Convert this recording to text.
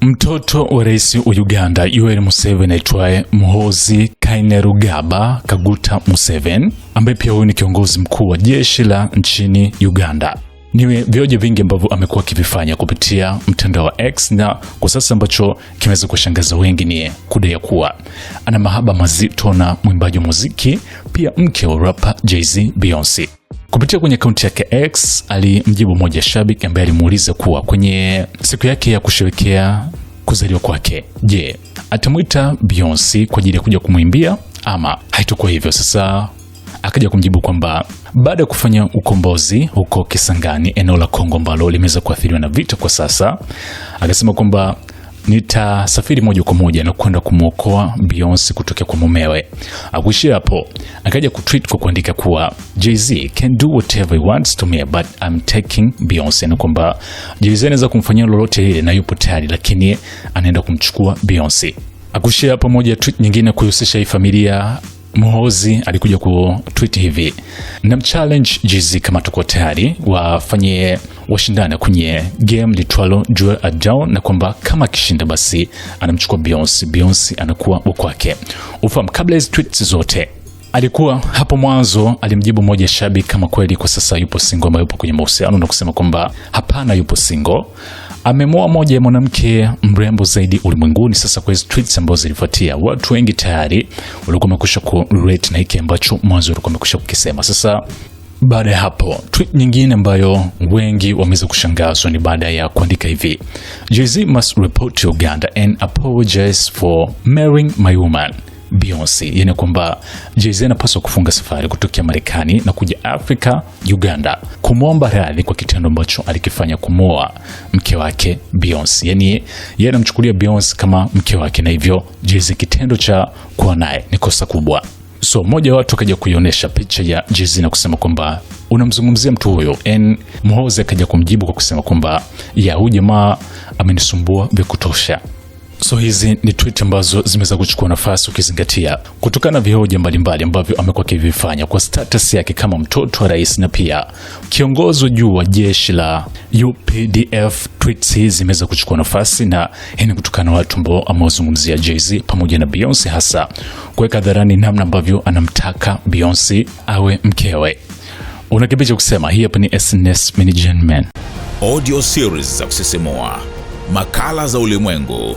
Mtoto wa rais wa Uganda Yoweri Museveni aitwaye Muhoozi Kainerugaba Kaguta Museveni, ambaye pia huyu ni kiongozi mkuu wa jeshi la nchini Uganda, niwe vioje vingi ambavyo amekuwa akivifanya kupitia mtandao wa X, na kwa sasa ambacho kimeweza kuwashangaza wengi ni kudai ya kuwa ana mahaba mazito na mwimbaji wa muziki pia mke wa rapa Jay-Z Beyonce. Kupitia kwenye akaunti yake X alimjibu mmoja shabiki ambaye alimuuliza kuwa kwenye siku yake ya kusherekea kuzaliwa kwake, je, atamwita Beyonce kwa ajili ya kuja kumwimbia ama haitakuwa hivyo? Sasa akaja kumjibu kwamba baada ya kufanya ukombozi huko Kisangani, eneo la Kongo ambalo limeweza kuathiriwa na vita kwa sasa, akasema kwamba nitasafiri moja kwa moja na kwenda kumwokoa Beyonce kutokea kwa mumewe. Akuishia hapo, akaja kutweet kwa kuandika kuwa Jay-Z can do whatever he wants to me but I'm taking Beyonce, na kwamba Jay-Z anaweza kumfanyia lolote ile na yupo tayari, lakini anaenda kumchukua Beyonce. Akuishia hapo, moja tweet nyingine kuhusisha hii familia muhozi alikuja tweet hivi, na challenge jizi kama tuko tayari wafanye washindane kwenye game litwalo Jewel adown na kwamba kama akishinda basi anamchukua Beyonce, Beyonce anakuwa wa kwake. Ufahamu kabla hizo tweets zote Alikuwa hapo mwanzo alimjibu moja shabi kama kweli kwa sasa yupo singo ama yupo kwenye mahusiano na kusema kwamba hapana, yupo singo Amemoa moja ya mwanamke mrembo zaidi ulimwenguni. Sasa kwa streets ambazo zilifuatia, watu wengi tayari walikuwa ku kurelate na hiki ambacho mwanzo walikuwa wamekwisha kukisema. Sasa baada ya hapo tweet nyingine ambayo wengi wameweza kushangazwa ni baada ya kuandika hivi, Jay-Z must report to Uganda and apologize for marrying my woman Beyonce, yani kwamba Jay-Z anapaswa kufunga safari kutokea Marekani na kuja Afrika, Uganda kumwomba radhi kwa kitendo ambacho alikifanya kumoa mke wake Beyonce. Yani yeye anamchukulia Beyonce kama mke wake, na hivyo Jay-Z kitendo cha kuwa naye ni kosa kubwa. So mmoja wa watu akaja kuionyesha picha ya Jay-Z na kusema kwamba unamzungumzia mtu huyo, and Mhoze akaja kumjibu kwa kusema kwamba ya huyu jamaa amenisumbua vya kutosha So hizi ni tweet ambazo zimeweza kuchukua nafasi ukizingatia kutokana na vihoja mbalimbali ambavyo amekuwa akivifanya kwa status yake kama mtoto wa rais na pia kiongozi juu wa jeshi la UPDF. Tweets hizi zimeweza kuchukua nafasi na hii ni kutokana na watu ambao amewazungumzia Jay-Z pamoja na Beyonce, hasa kuweka hadharani namna ambavyo anamtaka Beyonce awe mkewe. Unakibicha kusema hii hapa ni SNS Management. Audio series za kusisimua, makala za ulimwengu